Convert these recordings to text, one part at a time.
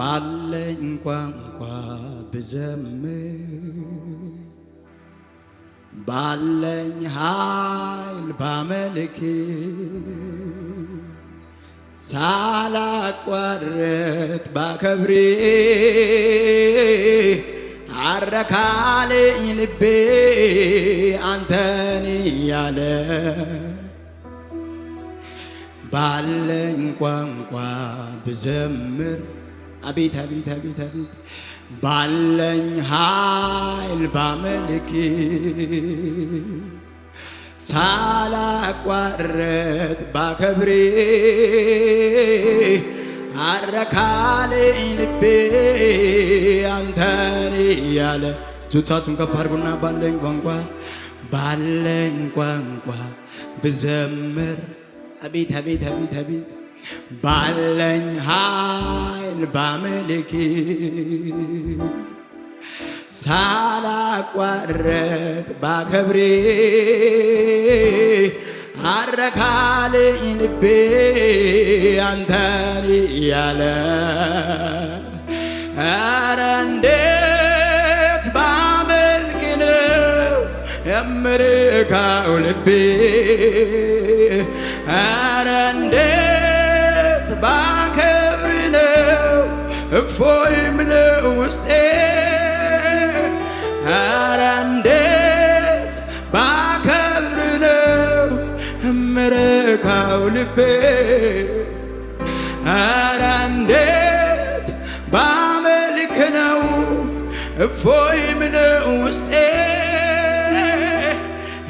ባለኝ ቋንቋ ብዘምር ባለኝ ኃይል ባመልክ ሳላቋርጥ ባከብር አረካለኝ ልቤ አንተን እያለ ባለኝ ቋንቋ ብዘምር አቤት አቤት አቤት አቤት ባለኝ ኃይል ባመልክ ሳላቋረት ባከብሬ አረካለኝ ልቤ አንተኔ ያለ ቱሳቱን ከፍ አድርጉና ባለኝ ቋንቋ ባለኝ ቋንቋ ብዘምር አቤት አቤት አቤት አቤት ባለኝ ኃይል ባመልክ ሳላቋረጥ ባከብሬ አረካልኝ ልቤ አንተን እያለ ኧረ እንዴት ባመልክ ነው የምርካው ልቤ ባከብር ነው እፎይ ምለው ውስጤ ኧረ እንዴት ባከብር ነው እምረካው ልቤ ኧረ እንዴት ባመልክ ነው እፎይ ምለው ውስጤ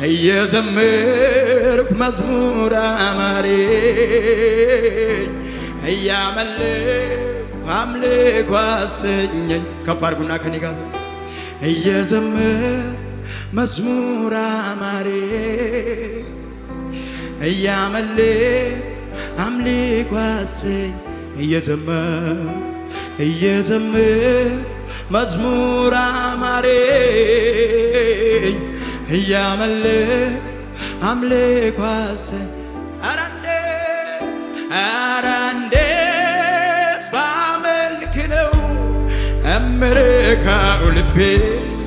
እየዘመርኩ መዝሙር አማሬ እያመልክ አምልኮ አሰኘኝ ከፍ አድርጉና ከኔ ጋር እየዘመር መዝሙር አማሬ እያመልክ አምልኮ አሰኝ እየዘመር እየዘመር መዝሙር አማሬ እያመልክ አምልኮ አሰኝ አረ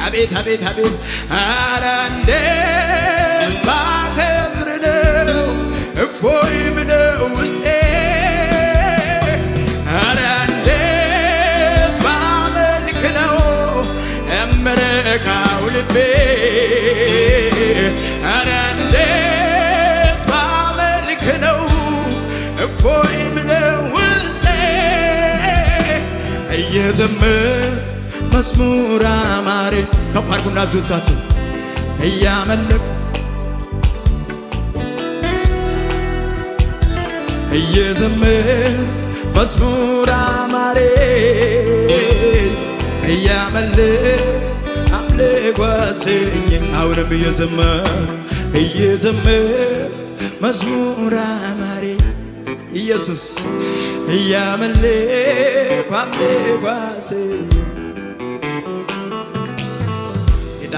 አቤት አቤት አቤት ኧረ እንዴት ባከብር ነው እፎይ ብለው ውስጤ ኧረ እንዴት ባመልክ ነው እምረካው ልቤ ኧረ እንዴት ባመልክ ነው እፎይ ብለው ውስጤ እየዘመር መዝሙር አማረ ተቋርጉና እጆቻችን እያመለክ እየዘመር መዝሙር አማረ እያመለክ አምልክ አሁንም እየዘመር እየዘመር መዝሙር አማረ ኢየሱስ እያመለክ አምልክ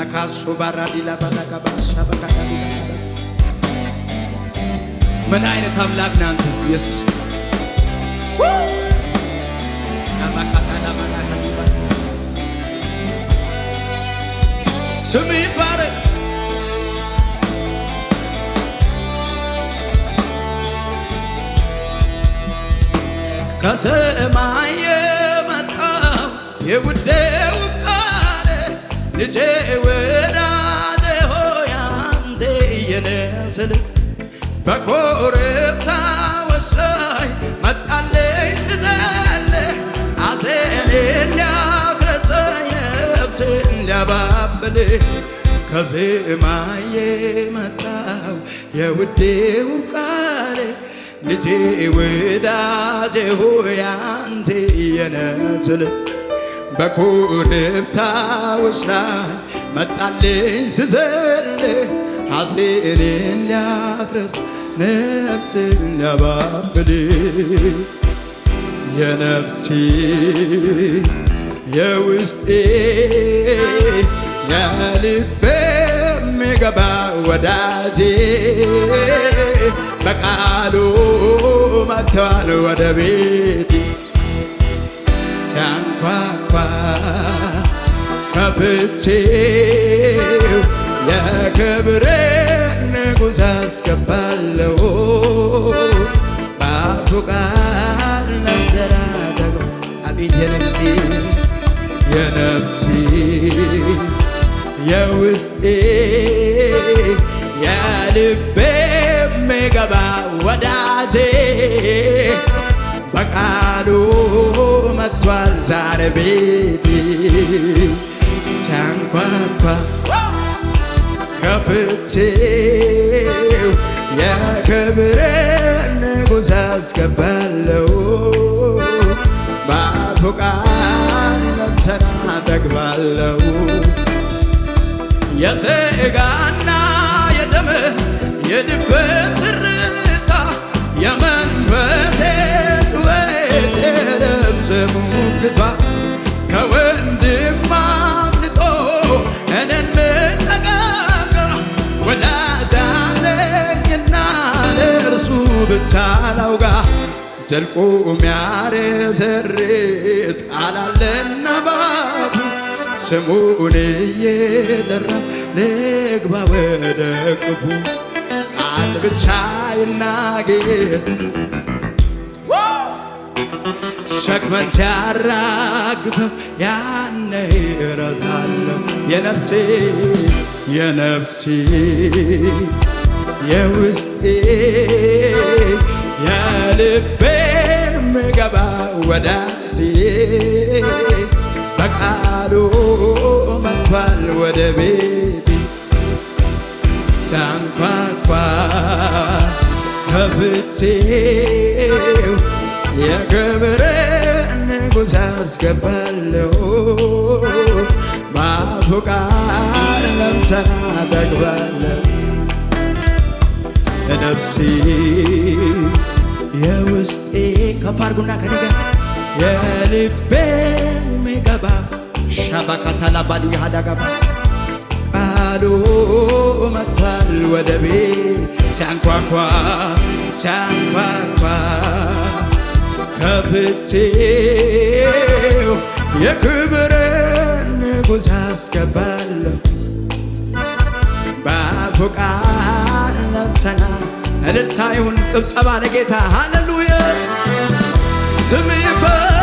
ለካሱ ባራዲላ ባላጋባሻ በካዳዲ ምን አይነት አምላክ ነህ አንተ ኢየሱስ? ስም ይባረክ። ከሰማይ የመጣው የጉዳይ ንሴ ወዳጄ ሆይ አንተ የኔ ስል በኮረብታ ወስደኸኝ መጣልኝ ስዘልህ አሴን እንዲያስረሳኝ ነፍሴ እንዲያባብልህ ከዜማዬ መጣው የውዴው ቃል ልጄ ወዳጄ ሆይ አንተ የኔ በኮረብታዎች ላይ መጣልኝ ስዘል ሐዘኔን ሊያስረስ ነፍሴን ሊያባብል የነፍሴ የውስጤ የልቤ የሚገባ ወዳጄ በቃሉ መጥቷል ወደ ቤቴ ሲያንኳኳ ከፍቼ የክብር ንጉሥ አስገባለው በአፉ ቃል ለዘራ ደግሞ አቤት የነፍሴ የነፍሴ የውስጤ የልቤ የሚገባ ወዳጄ በቃሉ መጥቷል ዛሬ ቤቴ ሲያንኳኳ ከፍቼው የክብር ንጉሥ አስገባለው በአፉ ቃል ለምሰና ጠግባለው የሥጋና የደም የድብት ትርታ በደሙ ግቷ ከወንድም አምልጦ እኔን መጠቃቀ ወዳጅ አለኝና ለእርሱ ብቻ ላውጋ ዘልቆ ሚያረሰርስ ቃል አለና ባፉ ስሙን እየጠራ ልግባ ወደ ክፉ ቃል ብቻ ይናገር ሸክመን ሲያራግፈው ያነ እረሳለሁ የነፍሴ የነፍሴ የውስጤ የልቤ ምገባ ወዳቴ በቃሉ መጥቷል ወደ ቤት ሲያንኳኳ ከፍቼው የክብር ንጉሥ አስገባለሁ በአፉ ቃል ለምሰና ጠግባለሁ ነፍሲ የውስጤ ከፍ አድርጉና ከነገ የልቤ ሚገባ ሻባካታላ ባድያ ሀዳጋባ ቃሉ መጥቷል ወደ ቤት ሲያንኳኳ ሲያንኳኳ ከፍቼው የክብርን ንጉሥ አስገባለሁ በአፉ ለብሰና እልልታ ይሁን ጭብጨባ ለጌታ ሃሌሉያ ስም ይባል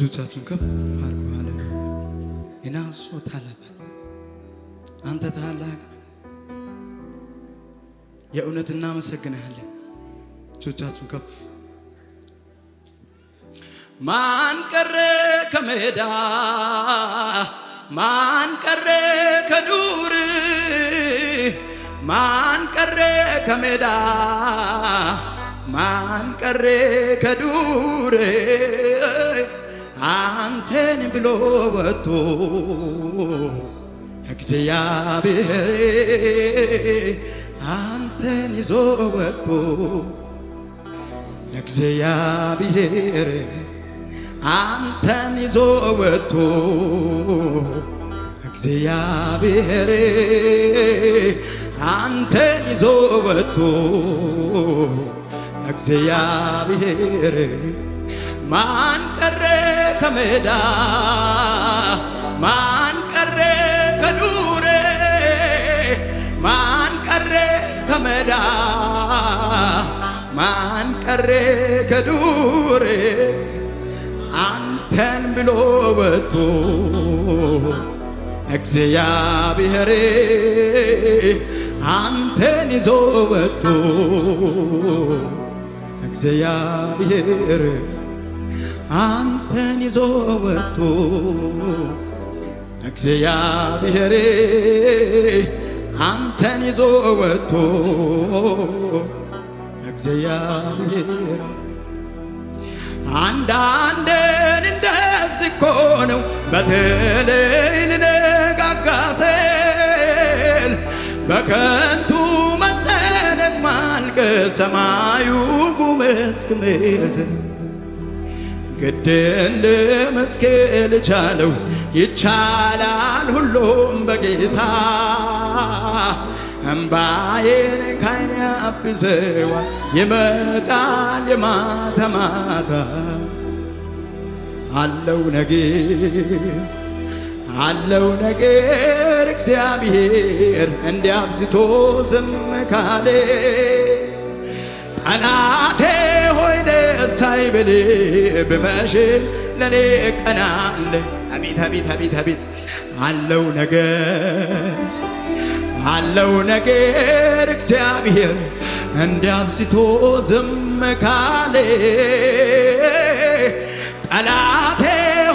እጆቻችሁን ከፍ አድርጉ አለ። የናሶ ታላባል አንተ ታላቅ የእውነት እናመሰግናለን። እጆቻችሁን ከፍ ማን ቀረ ከሜዳ ማን ቀረ ከዱር ማን ቀረ ከሜዳ ማን ቀረ ከዱር አንተን ብሎ ወጥቶ እግዚአብሔር አንተን ይዞ ወጥቶ እግዚአብሔር አንተን ይዞ ወጥቶ እግዚአብሔር አንተን ይዞ ወጥቶ እግዚአብሔር ማን ከሜዳ ማን ቀረ ከዱሬ ማን ቀረ ከምዳ ማን ቀረ ከዱሬ አንተን ብሎ ወጥቶ እግዚአብሔር አንተን ይዞ ወጥቶ እግዚአብሔር አንተን ይዞ ወጥቶ እግዚአብሔር አንተን ይዞ ወጥቶ እግዚአብሔር አንዳንዴን እንደዚህ እኮ ነው በተለይ ልነጋጋ ስል በከንቱ መጨነቅ ማልቀስ ሰማዩ ጉም እስኪመስል ግድን ልመስክል ቻለው ይቻላል ሁሉም በጌታ እምባዬን ካይን አብዘዋል ይመጣል የማታ ማታ አለው ነገር አለው ነገር እግዚአብሔር እንዲያብዝቶ ዝም ካለ ጠላቴ ሆይ ደስ አይበልህ ብመሽም ለኔ ቀን አቤት አቤት አቤት አቤት አለው ነገር አለው ነገር እግዚአብሔር እንዳብዝቶ ዝም ካለ ጠላቴ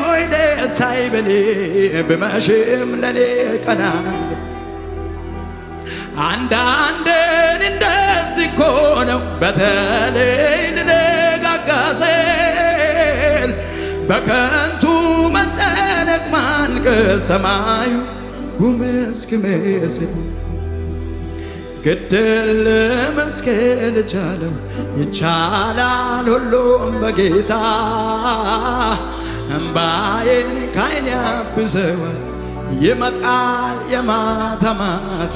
ሆይ ደስ አይበልህ ብመሽም ለኔ ቀን አንዳንዴን እንደ እንደዚህ እኮ ነው። በተለይ ልነጋጋሴን በከንቱ መጨነቅ ማልቀስ ሰማዩ ጉምስ ግምስ ግድል መስገል ቻለው ይቻላል ሁሉም በጌታ እምባዬን ካይን ያብሰዋል ይመጣል የማታ ማታ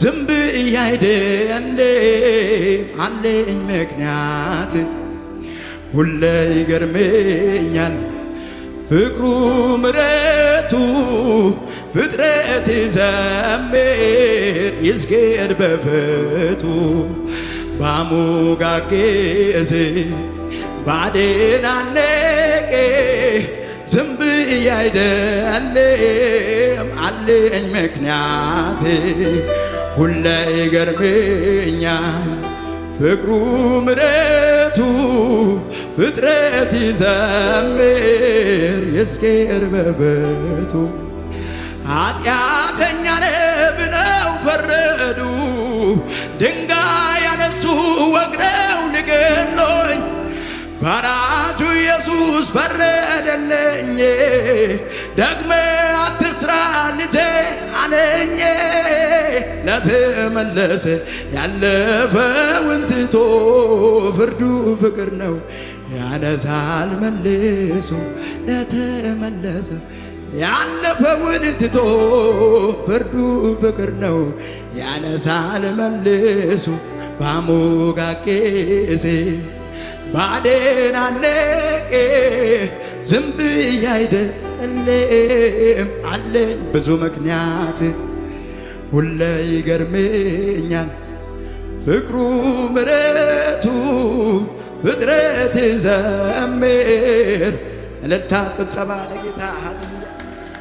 ዝም ብዬ አይደለም አለኝ ምክንያት ሁሌ ይገርመኛል ፍቅሩ ምረቱ ፍጥረት ይዘምር ይስገድ በፍቱ ባሙጋጌዝ ባዴናነቄ ዝም ብዬ አይደለም አለኝ ምክንያት ሁሌ ይገርመኛል ፍቅሩ ምረቱ ፍጥረት ይዘምር የስኬር በቤቱ ኃጢአተኛ ነብነው ፈረዱ ድንጋይ ያነሱ ወግደው ንገሎኝ ባራቱ ኢየሱስ ፈረደለኝ ደግመ አትስራ ልጄ ዳነኝ ለተመለሰ ያለፈውን ትቶ ፍርዱ ፍቅር ነው ያነሳል መልሶ ለተመለሰ ያለፈውን ትቶ ፍርዱ ፍቅር ነው ያነሳል መልሶ ባሞጋቄሴ ባዴናነቄ ዝም ብዬ አይደል ሁሌም አለኝ ብዙ ምክንያት ሁለ ይገርመኛል ፍቅሩ ምረቱ ፍጥረት ዘምር እልልታ ጭብጨባ ለጌታ